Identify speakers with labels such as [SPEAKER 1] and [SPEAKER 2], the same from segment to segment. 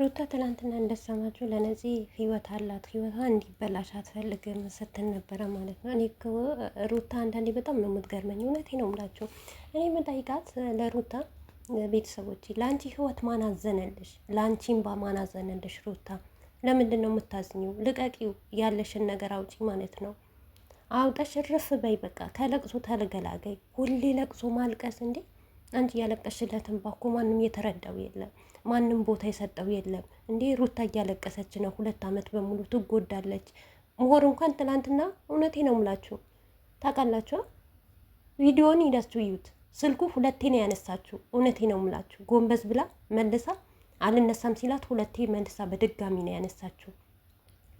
[SPEAKER 1] ሩታ ትናንትና እንደሰማችሁ ለነፂ ህይወት አላት፣ ህይወቷ እንዲበላሽ አትፈልግም ስትል ነበረ ማለት ነው። እኔ ሩታ አንዳንዴ በጣም ነው የምትገርመኝ። እውነቴ ነው የምላችሁ። እኔ የምጠይቃት ለሩታ ቤተሰቦች፣ ለአንቺ ህይወት ማን አዘነልሽ? ለአንቺ እንባ ማን አዘነልሽ? ሩታ ለምንድን ነው የምታዝኝው? ልቀቂው፣ ያለሽን ነገር አውጪ ማለት ነው። አውጠሽ እርፍ በይ በቃ። ከለቅሶ ተገላገይ። ሁሌ ለቅሶ ማልቀስ እንዴ! አንቺ ያለቀሽለትን ባኮ ማንም የተረዳው የለም፣ ማንም ቦታ የሰጠው የለም። እንዴ ሩታ እያለቀሰች ነው፣ ሁለት ዓመት በሙሉ ትጎዳለች። ምሆር እንኳን ትላንትና እውነቴ ነው ምላችሁ ታውቃላችሁ። ቪዲዮን ሂዳችሁ እዩት። ስልኩ ሁለቴ ነው ያነሳችሁ። እውነቴ ነው ምላችሁ ጎንበስ ብላ መልሳ አልነሳም ሲላት ሁለቴ መልሳ በድጋሚ ነው ያነሳችሁ።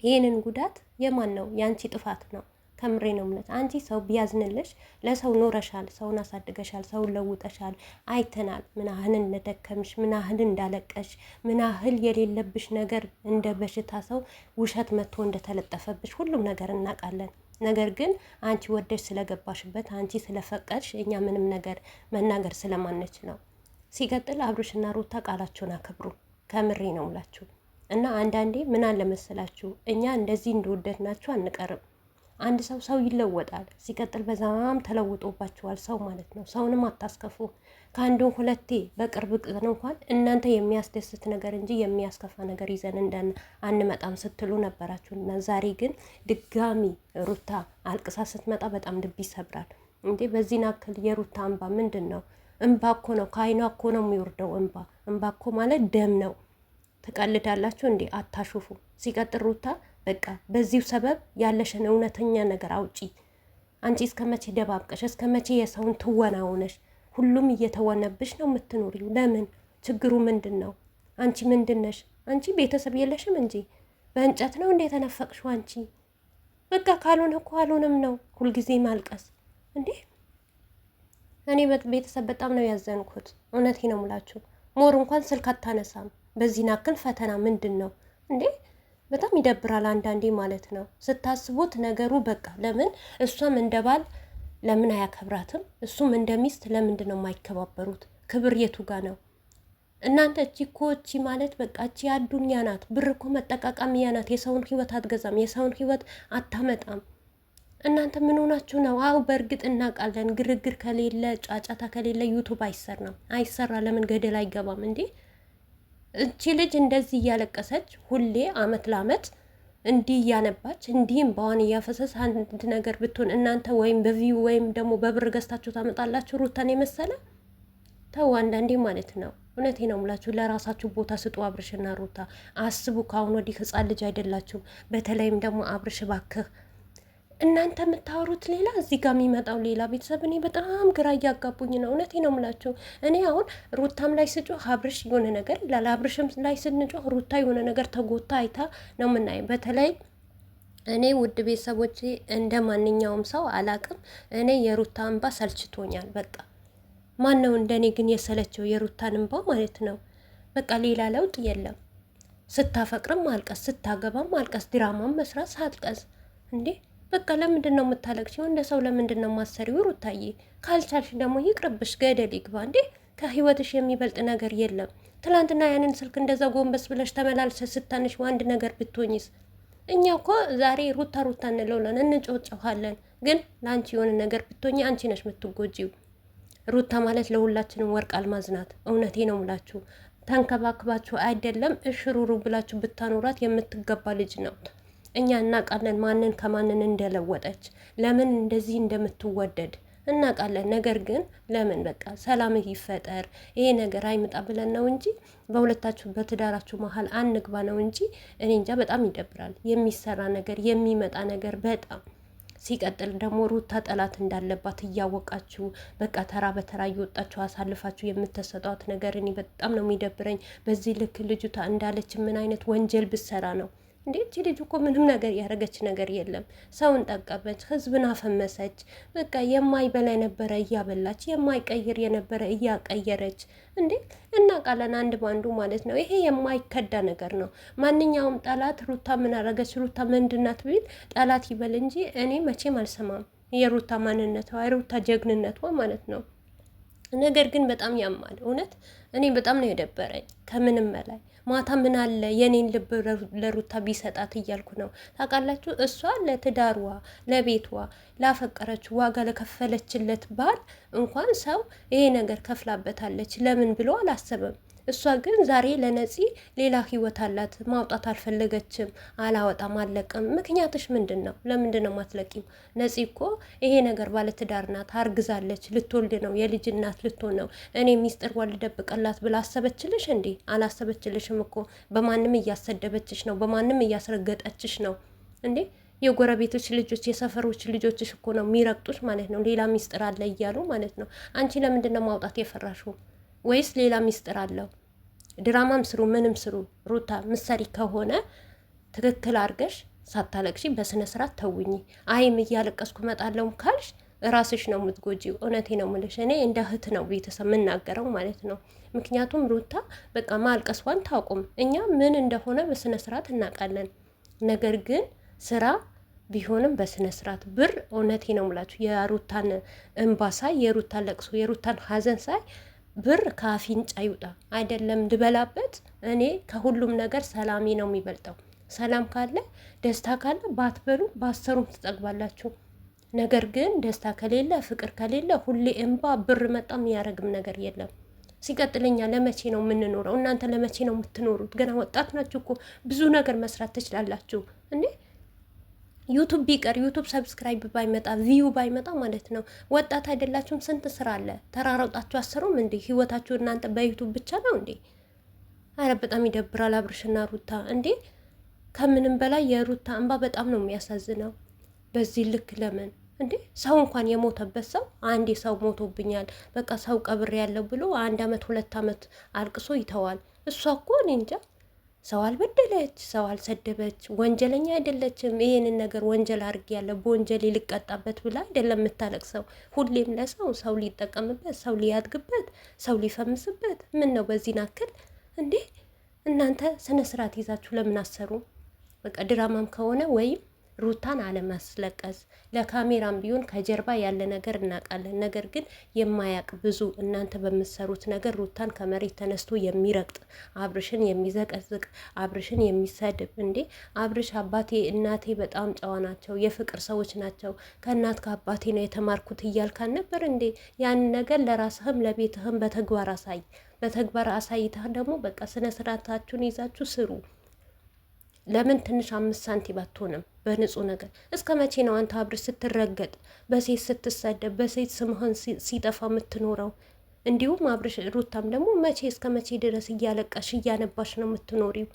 [SPEAKER 1] ይህንን ጉዳት የማን ነው? የአንቺ ጥፋት ነው። ከምሬ ነው ምለት አንቺ ሰው ቢያዝንልሽ ለሰው ኖረሻል፣ ሰውን አሳድገሻል፣ ሰውን ለውጠሻል፣ አይተናል። ምናህን እንደደከምሽ፣ ምናህን እንዳለቀሽ፣ ምናህል የሌለብሽ ነገር እንደ በሽታ ሰው ውሸት መጥቶ እንደተለጠፈብሽ ሁሉም ነገር እናውቃለን። ነገር ግን አንቺ ወደሽ ስለገባሽበት አንቺ ስለፈቀድሽ እኛ ምንም ነገር መናገር ስለማነች ነው። ሲቀጥል አብርሽና ሩታ ቃላቸውን አክብሩ። ከምሬ ነው ምላችሁ እና አንዳንዴ ምን አለ መሰላችሁ እኛ እንደዚህ እንደወደድናችሁ አንቀርም አንድ ሰው ሰው ይለወጣል። ሲቀጥል በዛም ተለውጦባችኋል ሰው ማለት ነው። ሰውንም አታስከፉ። ከአንዱ ሁለቴ በቅርብ ቀን እንኳን እናንተ የሚያስደስት ነገር እንጂ የሚያስከፋ ነገር ይዘን እንዳን አንመጣም ስትሉ ነበራችሁ እና ዛሬ ግን ድጋሚ ሩታ አልቅሳ ስትመጣ በጣም ልብ ይሰብራል። እንዴ በዚህ ናክል የሩታ እንባ ምንድን ነው? እንባ እኮ ነው፣ ከአይኗ እኮ ነው የሚወርደው እንባ። እንባ እኮ ማለት ደም ነው። ትቀልዳላችሁ እንዴ? አታሹፉ። ሲቀጥል ሩታ በቃ በዚሁ ሰበብ ያለሽን እውነተኛ ነገር አውጪ። አንቺ እስከ መቼ ደባብቀሽ እስከ መቼ የሰውን ትወና ሆነሽ ሁሉም እየተወነብሽ ነው የምትኖሪው? ለምን? ችግሩ ምንድን ነው? አንቺ ምንድን ነሽ? አንቺ ቤተሰብ የለሽም እንጂ በእንጨት ነው እንደ የተነፈቅሽው አንቺ። በቃ ካልሆነ እኮ አልሆነም ነው ሁልጊዜ ማልቀስ እንዴ። እኔ ቤተሰብ በጣም ነው ያዘንኩት። እውነቴ ነው የምላችሁ ሞር እንኳን ስልክ አታነሳም። በዚህ ናክል ፈተና ምንድን ነው እንዴ? በጣም ይደብራል አንዳንዴ ማለት ነው ስታስቡት ነገሩ። በቃ ለምን እሷም እንደባል ለምን አያከብራትም? እሱም እንደ ሚስት ለምንድን ነው የማይከባበሩት? ክብር የቱ ጋ ነው? እናንተ እቺ እኮ እቺ ማለት በቃ እቺ አዱኛ ናት። ብር እኮ መጠቃቀሚያ ናት። የሰውን ህይወት አትገዛም። የሰውን ህይወት አታመጣም። እናንተ ምን ሆናችሁ ነው? አው በእርግጥ እናውቃለን፣ ግርግር ከሌለ ጫጫታ ከሌለ ዩቱብ አይሰራም አይሰራ ለምን ገደል አይገባም እንዴ? እቺ ልጅ እንደዚህ እያለቀሰች ሁሌ አመት ለአመት እንዲህ እያነባች እንዲህም በዋን እያፈሰስ አንድ ነገር ብትሆን እናንተ ወይም በቪው ወይም ደግሞ በብር ገዝታችሁ ታመጣላችሁ። ሩታን የመሰለ ተው፣ አንዳንዴ ማለት ነው። እውነቴ ነው የምላችሁ። ለራሳችሁ ቦታ ስጡ። አብርሽና ሩታ አስቡ። ከአሁን ወዲህ ህፃን ልጅ አይደላችሁም። በተለይም ደግሞ አብርሽ ባክህ እናንተ የምታወሩት ሌላ፣ እዚህ ጋር የሚመጣው ሌላ። ቤተሰብ እኔ በጣም ግራ እያጋቡኝ ነው። እውነቴ ነው የምላችሁ። እኔ አሁን ሩታም ላይ ስጮህ ሀብርሽ የሆነ ነገር ይላል፣ ላይ ስንጮህ ሩታ የሆነ ነገር ተጎታ አይታ ነው የምናየው። በተለይ እኔ ውድ ቤተሰቦች እንደ ማንኛውም ሰው አላቅም። እኔ የሩታ እንባ ሰልችቶኛል። በቃ ማን ነው እንደኔ ግን የሰለቸው የሩታን እንባ ማለት ነው። በቃ ሌላ ለውጥ የለም። ስታፈቅርም ማልቀስ፣ ስታገባም ማልቀስ፣ ድራማም መስራት ሳልቀስ እንዴ በቃ ለምንድን ነው ሲሆን እንደ ሰው ለምንድን ነው ማሰሪው? ሩታዬ ካልቻልሽ ደግሞ ይቅርብሽ፣ ገደል ይግባ እንዴ። ከህይወትሽ የሚበልጥ ነገር የለም። ትናንትና ያንን ስልክ እንደዛ ጎንበስ ብለሽ ተመላልሰ ስታንሽ አንድ ነገር ብትሆኝስ? እኛ እኮ ዛሬ ሩታ ሩታ እንለውለን እንጮጨኋለን፣ ግን ለአንቺ የሆነ ነገር ብትሆኝ አንቺ ነሽ የምትጎጂው። ሩታ ማለት ለሁላችንም ወርቅ አልማዝ ናት። እውነቴ ነው ምላችሁ ተንከባክባችሁ አይደለም እሽሩሩ ብላችሁ ብታኖራት የምትገባ ልጅ ነው። እኛ እናውቃለን ማንን ከማንን እንደለወጠች ለምን እንደዚህ እንደምትወደድ እናውቃለን። ነገር ግን ለምን በቃ ሰላም ይፈጠር ይሄ ነገር አይምጣ ብለን ነው እንጂ በሁለታችሁ በትዳራችሁ መሀል አንግባ ነው እንጂ እኔ እንጃ። በጣም ይደብራል የሚሰራ ነገር የሚመጣ ነገር በጣም ሲቀጥል ደግሞ ሩታ ጠላት እንዳለባት እያወቃችሁ በቃ ተራ በተራ እየወጣችሁ አሳልፋችሁ የምትሰጧት ነገር እኔ በጣም ነው የሚደብረኝ። በዚህ ልክ ልጅቷ እንዳለች ምን አይነት ወንጀል ብሰራ ነው እንዴት ልጅ እኮ ምንም ነገር ያደረገች ነገር የለም። ሰውን ጠቀመች፣ ህዝብን አፈመሰች። በቃ የማይበላ የነበረ እያበላች፣ የማይቀይር የነበረ እያቀየረች። እንዴ እናውቃለን፣ አንድ ባንዱ ማለት ነው። ይሄ የማይከዳ ነገር ነው። ማንኛውም ጠላት ሩታ ምን አረገች፣ ሩታ ምንድናት ቢል ጠላት ይበል እንጂ እኔ መቼም አልሰማም። የሩታ ማንነቷ የሩታ ጀግንነቷ ማለት ነው። ነገር ግን በጣም ያማል እውነት። እኔ በጣም ነው የደበረኝ ከምንም በላይ ማታ ምን አለ የኔን ልብ ለሩታ ቢሰጣት እያልኩ ነው። ታውቃላችሁ፣ እሷ ለትዳርዋ፣ ለቤቷ፣ ላፈቀረች ዋጋ ለከፈለችለት ባል እንኳን ሰው ይሄ ነገር ከፍላበታለች ለምን ብሎ አላሰበም። እሷ ግን ዛሬ ለነፂ ሌላ ህይወት አላት። ማውጣት አልፈለገችም። አላወጣም፣ አለቅም። ምክንያትሽ ምንድን ነው? ለምንድን ነው ማትለቂም? ነፂ እኮ ይሄ ነገር ባለትዳር ናት፣ አርግዛለች፣ ልትወልድ ነው፣ የልጅ እናት ልትሆን ነው። እኔ ሚስጥር ዋል ብላ አሰበችልሽ እንዴ? አላሰበችልሽም እኮ በማንም እያሰደበችሽ ነው፣ በማንም እያስረገጠችሽ ነው እንዴ የጎረቤቶች ልጆች የሰፈሮች ልጆችሽ እኮ ነው የሚረግጡሽ ማለት ነው። ሌላ ሚስጥር አለ እያሉ ማለት ነው። አንቺ ለምንድን ነው ማውጣት የፈራሽው? ወይስ ሌላ ሚስጥር አለው? ድራማም ስሩ ምንም ስሩ ሩታ ምሰሪ ከሆነ ትክክል አድርገሽ ሳታለቅሽ በስነ ስርዓት ተውኝ። አይም እያለቀስኩ መጣለውም ካልሽ ራስሽ ነው የምትጎጂው። እውነቴ ነው የምልሽ። እኔ እንደ እህት ነው ቤተሰብ የምናገረው ማለት ነው። ምክንያቱም ሩታ በቃ ማልቀስዋን ታውቁም እኛ ምን እንደሆነ በስነ ስርዓት እናውቃለን። ነገር ግን ስራ ቢሆንም በስነ ስርዓት ብር። እውነቴ ነው የምላችሁ የሩታን እንባ ሳይ የሩታን ለቅሶ የሩታን ሀዘን ሳይ ብር ከአፍንጫ ይውጣ። አይደለም ድበላበት። እኔ ከሁሉም ነገር ሰላሜ ነው የሚበልጠው። ሰላም ካለ ደስታ ካለ ባትበሉ ባሰሩም ትጠግባላችሁ። ነገር ግን ደስታ ከሌለ ፍቅር ከሌለ ሁሌ እንባ ብር መጣ የሚያደርግም ነገር የለም። ሲቀጥለኛ ለመቼ ነው የምንኖረው? እናንተ ለመቼ ነው የምትኖሩት? ገና ወጣት ናችሁ እኮ ብዙ ነገር መስራት ትችላላችሁ። እኔ ዩቱብ ቢቀር ዩቱብ ሰብስክራይብ ባይመጣ ቪዩ ባይመጣ ማለት ነው። ወጣት አይደላችሁም? ስንት ስራ አለ። ተራራውጣችሁ አስሩም እንዴ? ህይወታችሁ እናንተ በዩቱብ ብቻ ነው እንዴ? አረ በጣም ይደብራል። አብርሽና ሩታ እንዴ! ከምንም በላይ የሩታ እንባ በጣም ነው የሚያሳዝነው። በዚህ ልክ ለምን እንዴ ሰው እንኳን የሞተበት ሰው አንዴ ሰው ሞቶብኛል በቃ ሰው ቀብሬ ያለው ብሎ አንድ አመት ሁለት አመት አልቅሶ ይተዋል። እሷ እኮ እኔ እንጃ ሰው አልበደለች፣ ሰው አልሰደበች፣ ወንጀለኛ አይደለችም። ይሄንን ነገር ወንጀል አድርጌ ያለ በወንጀል ሊቀጣበት ብላ አይደለም የምታለቅሰው። ሁሌም ለሰው ሰው ሊጠቀምበት፣ ሰው ሊያድግበት፣ ሰው ሊፈምስበት። ምን ነው በዚህ ናክል እንዴ! እናንተ ስነ ስርዓት ይዛችሁ ለምን አሰሩ? በቃ ድራማም ከሆነ ወይም ሩታን አለማስለቀስ ለካሜራም ቢሆን ከጀርባ ያለ ነገር እናውቃለን። ነገር ግን የማያውቅ ብዙ እናንተ በምትሰሩት ነገር ሩታን ከመሬት ተነስቶ የሚረግጥ አብርሽን የሚዘቀዝቅ አብርሽን የሚሰድብ እንዴ! አብርሽ አባቴ እናቴ በጣም ጨዋ ናቸው፣ የፍቅር ሰዎች ናቸው፣ ከእናት ከአባቴ ነው የተማርኩት እያልካን ነበር እንዴ? ያን ነገር ለራስህም ለቤትህም በተግባር አሳይ። በተግባር አሳይተህ ደግሞ በቃ ስነ ስርዓታችሁን ይዛችሁ ስሩ። ለምን ትንሽ አምስት ሳንቲም አትሆንም? በንጹህ ነገር እስከ መቼ ነው አንተ አብር ስትረገጥ፣ በሴት ስትሰደብ፣ በሴት ስምህን ሲጠፋ የምትኖረው? እንዲሁም አብርሽ ሩታም ደግሞ መቼ እስከ መቼ ድረስ እያለቀሽ እያነባሽ ነው የምትኖሪው?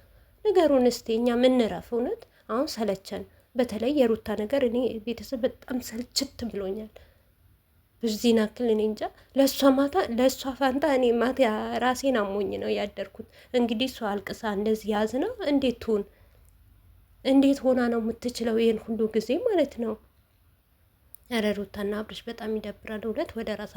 [SPEAKER 1] ነገሩን እስቲ እኛ ምንረፍ። እውነት አሁን ሰለቸን። በተለይ የሩታ ነገር እኔ ቤተሰብ በጣም ሰልችት ብሎኛል። በዚህ ናክል እኔ እንጃ። ለእሷ ማታ ለእሷ ፋንታ እኔ ማታ ራሴን አሞኝ ነው ያደርኩት። እንግዲህ እሷ አልቅሳ እንደዚህ ያዝ ነው እንዴት ትሁን? እንዴት ሆና ነው የምትችለው ይህን ሁሉ ጊዜ ማለት ነው? ኧረ ሩታና አብርሽ በጣም ይደብራል እውነት ወደ ራስ